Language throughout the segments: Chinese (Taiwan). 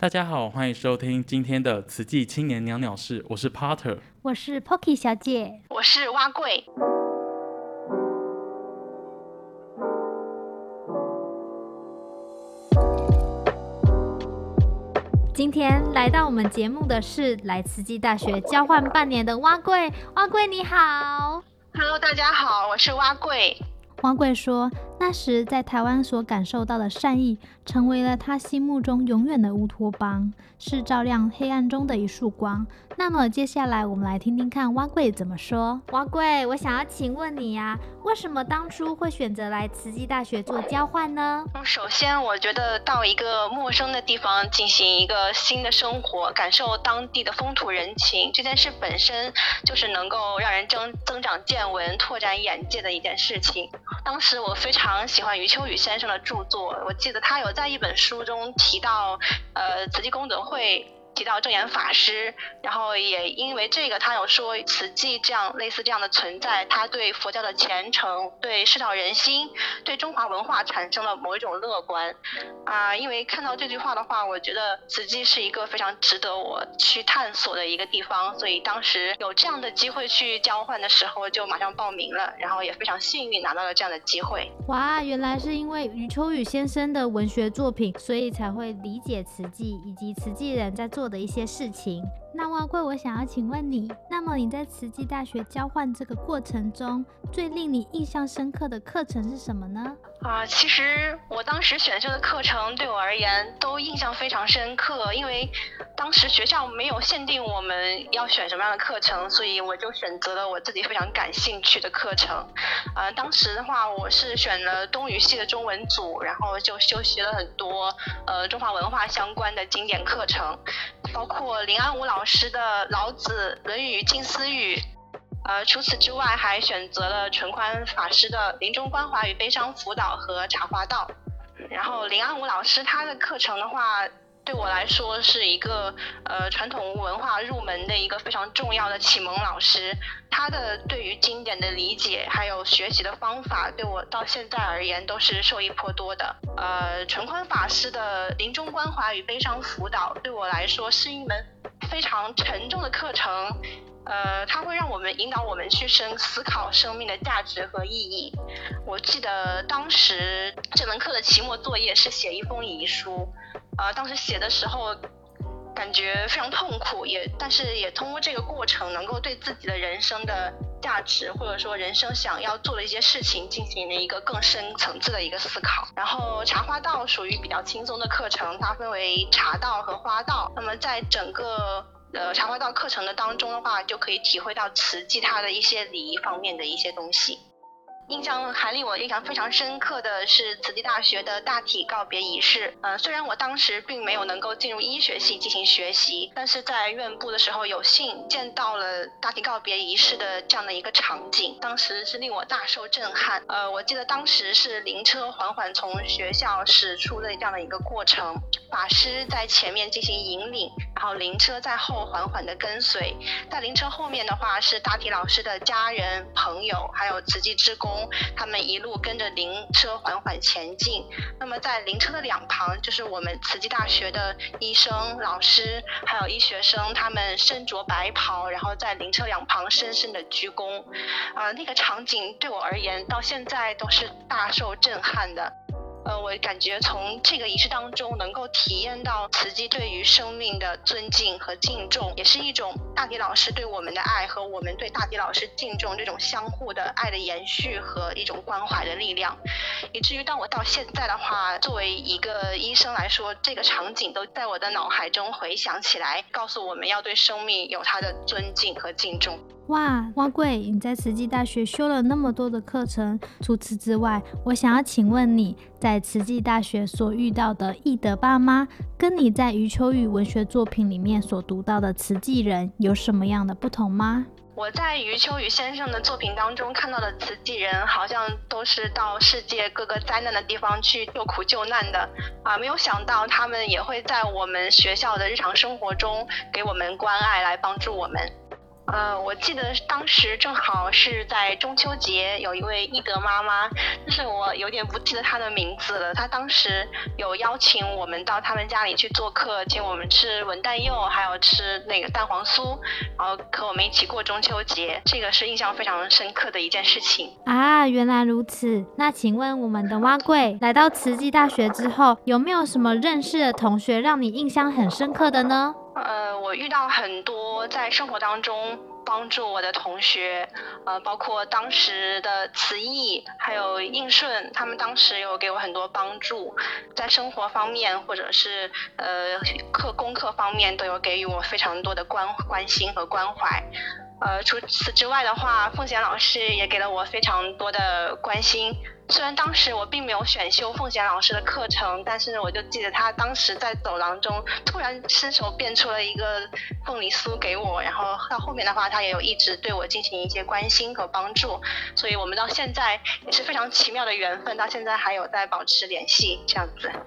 大家好，歡迎收聽今天的《慈濟青年鳥鳥事》，我是 Pater，我是 Pocky 小姐，我是碗粿。今天來到我們節目的是來慈濟大學交換半年的碗粿，碗粿你好，Hello 大家好，我是碗粿。碗粿說。那時在台灣所感受到的善意，成為了他心目中永遠的烏托邦，是照亮黑暗中的一束光。那麼接下來我們來聽聽看碗粿怎麼說。碗粿，我想要請問你呀、啊，為什麼當初會選擇來慈濟大學做交換呢？嗯、首先，我覺得到一個陌生的地方進行一個新的生活，感受當地的風土人情，這件事本身就是能夠讓人增增長見聞、拓展眼界的一件事情。當時我非常常喜歡余秋雨先生的著作，我記得他有在一本書中提到，呃，慈濟功德會，提到證嚴法師，然後也因為這個，他有說慈濟這樣類似這樣的存在，他對佛教的虔誠，對世道人心，對中華文化產生了某一種樂觀。啊，因為看到這句話的話，我覺得慈濟是一個非常值得我去探索的一個地方，所以當時有這樣的機會去交換的時候，就馬上報名了，然後也非常幸運拿到了這樣的機會。哇，原來是因為余秋雨先生的文學作品，所以才會理解慈濟以及慈濟人在做的一些事情。那碗粿，我想要請問你，那麼你在慈濟大學交換這個過程中，最令你印象深刻的課程是什麼呢？啊、呃，其實我當時選修的課程對我而言都印象非常深刻，因為當時學校沒有限定我們要選什麼樣的課程，所以我就選擇了我自己非常感興趣的課程。呃、當時的話，我是選了東語系的中文組，然後就修習了很多呃中華文化相關的經典課程，包括林安梧老師。老師的《老子》《論語》《靜思語》，呃，除此之外還選擇了純寬法師的《臨終關懷與悲傷輔導》和《茶花道》。然後林安武老師他的課程的話，對我來說是一個呃傳統文化入門的一個非常重要的啟蒙老師。他的對於經典的理解，還有學習的方法，對我到現在而言都是受益頗多的。呃，純寬法師的《臨終關懷與悲傷輔導》對我來說是一門。非常沉重的課程，呃，它會讓我們引導我們去深思考生命的價值和意義。我記得當時這門課的期末作業是寫一封遺書，呃，當時寫的時候感覺非常痛苦，也但是也通過這個過程能夠對自己的人生的。價值或者說人生想要做的一些事情進行了一個更深層次的一個思考。然後茶花道屬於比較輕鬆的課程，它分為茶道和花道。那麼在整個呃茶花道課程的當中的話，就可以體會到慈濟它的一些禮儀方面的一些東西。印象還令我印象非常深刻的是慈濟大學的大體告別儀式。嗯、呃，雖然我當時並沒有能夠進入醫學系進行學習，但是在院部的時候有幸見到了大體告別儀式的這樣的一個場景，當時是令我大受震撼。呃，我記得當時是靈車緩緩從學校駛出的這樣的一個過程，法師在前面進行引領。好，靈車在後緩緩地跟隨，在靈車後面的話是大體老師的家人、朋友，還有慈濟職工，他們一路跟着靈車緩緩前進。那麼在靈車的兩旁，就是我們慈濟大學的醫生、老師，還有醫學生，他們身着白袍，然後在靈車兩旁深深地鞠躬。啊、呃，那個場景對我而言，到現在都是大受震撼的。我感覺從這個儀式當中，能夠體驗到慈濟對於生命的尊敬和敬重，也是一種大體老師對我們的愛和我們對大體老師敬重這種相互的愛的延續和一種關懷的力量。以至於當我到現在的話，作為一個醫生來說，這個場景都在我的腦海中回想起來，告訴我們要對生命有他的尊敬和敬重。哇，碗粿，你在慈濟大學修了那麼多的課程，除此之外，我想要請問你，在慈濟大學所遇到的懿德爸媽，跟你在余秋雨文學作品裡面所讀到的慈濟人有什麼樣的不同嗎？我在余秋雨先生的作品當中看到的慈濟人，好像都是到世界各個災難的地方去救苦救難的，啊，沒有想到他們也會在我們學校的日常生活中給我們關愛來幫助我們。呃，我記得當時正好是在中秋節，有一位懿德媽媽，但是我有點不記得她的名字了。她當時有邀請我們到他們家裡去做客，請我們吃文旦柚，還有吃那個蛋黃酥，然後和我們一起過中秋節。這個是印象非常深刻的一件事情。啊，原來如此。那請問我們的碗粿來到慈濟大學之後，有沒有什麼認識的同學讓你印象很深刻的呢？呃，我遇到很多在生活當中幫助我的同學，呃，包括當時的慈義還有應順，他們當時有給我很多幫助，在生活方面或者是呃課功課方面都有給予我非常多的關關心和關懷。呃，除此之外的話，鳳賢老師也給了我非常多的關心。雖然當時我並沒有選修鳳賢老師的課程，但是我就記得他當時在走廊中突然伸手變出了一個鳳梨酥給我，然後到後面的話他也有一直對我進行一些關心和幫助，所以我們到現在也是非常奇妙的緣分，到現在還有在保持聯繫這樣子。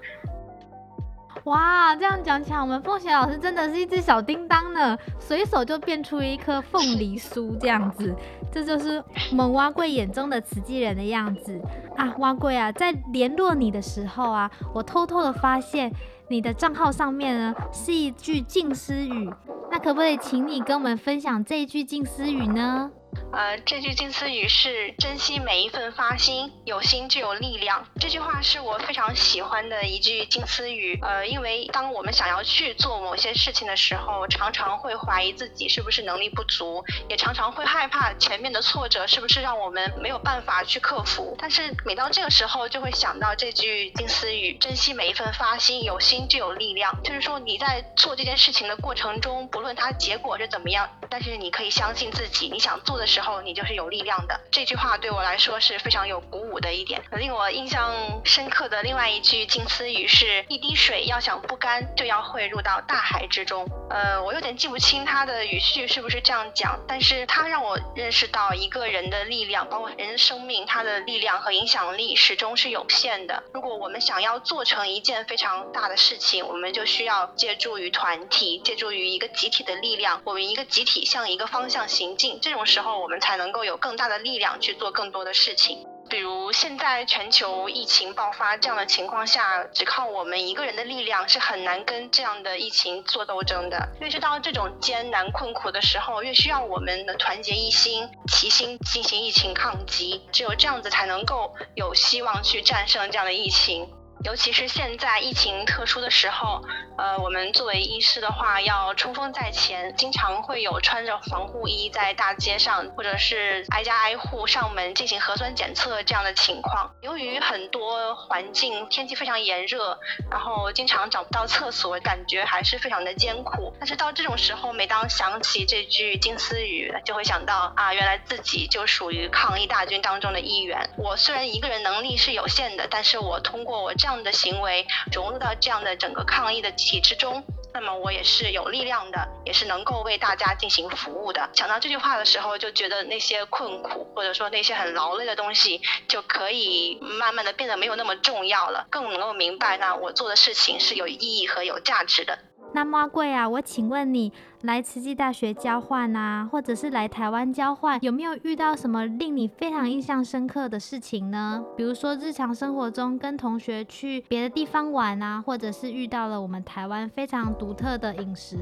哇，這樣講起來，我們鳳賢老師真的是一隻小叮噹呢，隨手就變出一顆鳳梨酥這樣子，這就是我們碗粿眼中的慈濟人的樣子啊！碗粿啊，在聯絡你的時候啊，我偷偷的發現你的賬號上面呢是一句靜思語，那可不可以請你跟我們分享這一句靜思語呢？呃，這句靜思語是珍惜每一份發心，有心就有力量。這句話是我非常喜歡的一句靜思語。呃，因為當我們想要去做某些事情的時候，常常會懷疑自己是不是能力不足，也常常會害怕前面的挫折是不是讓我們沒有辦法去克服。但是每到這個時候，就會想到這句靜思語：珍惜每一份發心，有心就有力量。就是說，你在做這件事情的過程中，不論它結果是怎麼樣，但是你可以相信自己，你想做的時候。後你就是有力量的。這句話對我來說是非常有鼓舞的一點。令我印象深刻的另外一句靜思語是，一滴水要想不乾，就要匯入到大海之中。呃，我有點記不清他的語序是不是這樣講，但是他讓我認識到一個人的力量，包括人的生命，他的力量和影響力始終是有限的。如果我們想要做成一件非常大的事情，我們就需要借助於團體，借助於一個集體的力量。我們一個集體向一個方向行進，這種時候我。才能夠有更大的力量去做更多的事情。比如現在全球疫情爆發這樣的情況下，只靠我們一個人的力量是很難跟這樣的疫情做鬥爭的。越是到這種艱難困苦的時候，越需要我們的團結一心，齊心進行疫情抗擊。只有這樣子，才能夠有希望去戰勝這樣的疫情。尤其是現在疫情特殊的時候，呃，我們作為醫師的話，要衝鋒在前，經常會有穿着防護衣在大街上，或者是挨家挨戶上門進行核酸檢測這樣的情況。由於很多環境天氣非常炎熱，然後經常找不到廁所，感覺還是非常的艱苦。但是到這種時候，每當想起這句靜思語，就會想到啊，原來自己就屬於抗疫大軍當中的一員。我雖然一個人能力是有限的，但是我通過我這樣。的行為融入到這樣的整個抗疫的集體之中，那麼我也是有力量的，也是能夠為大家進行服務的。想到這句話的時候，就覺得那些困苦或者說那些很勞累的東西就可以慢慢的變得沒有那麼重要了，更能夠明白呢，我做的事情是有意義和有價值的。那碗粿啊！我請問你，來慈濟大學交換啊，或者是來台灣交換，有沒有遇到什麼令你非常印象深刻的事情呢？比如說日常生活中跟同學去別的地方玩啊，或者是遇到了我們台灣非常獨特的飲食？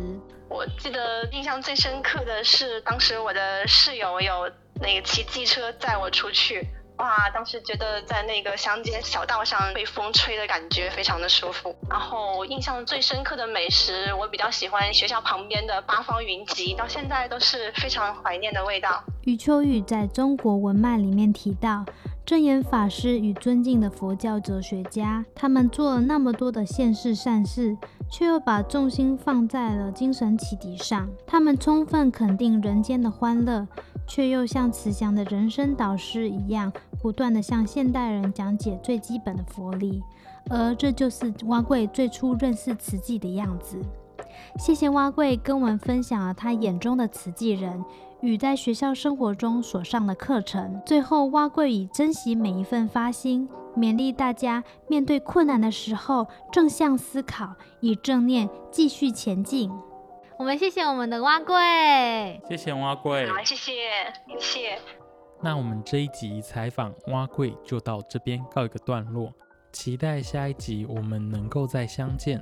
我記得印象最深刻的是，當時我的室友有那個騎機車載我出去。哇，當時覺得在那個鄉間小道上被風吹的感覺非常的舒服。然後印象最深刻的美食，我比較喜歡學校旁邊的八方雲集，到現在都是非常懷念的味道。余秋雨在中國文脈裡面提到，證嚴法師與尊敬的佛教哲學家，他們做了那麼多的現世善事，卻又把重心放在了精神啟迪上。他們充分肯定人間的歡樂。卻又像慈祥的人生導師一樣，不斷地向現代人講解最基本的佛理，而這就是碗粿最初認識慈濟的樣子。謝謝碗粿跟我們分享了他眼中的慈濟人與在學校生活中所上的課程。最後，碗粿以珍惜每一份發心，勉勵大家面對困難的時候正向思考，以正念繼續前進。我們謝謝我們的碗粿，謝謝碗粿，好，謝謝，謝謝。那我們這一集採訪碗粿就到這邊告一個段落，期待下一集我們能夠再相見。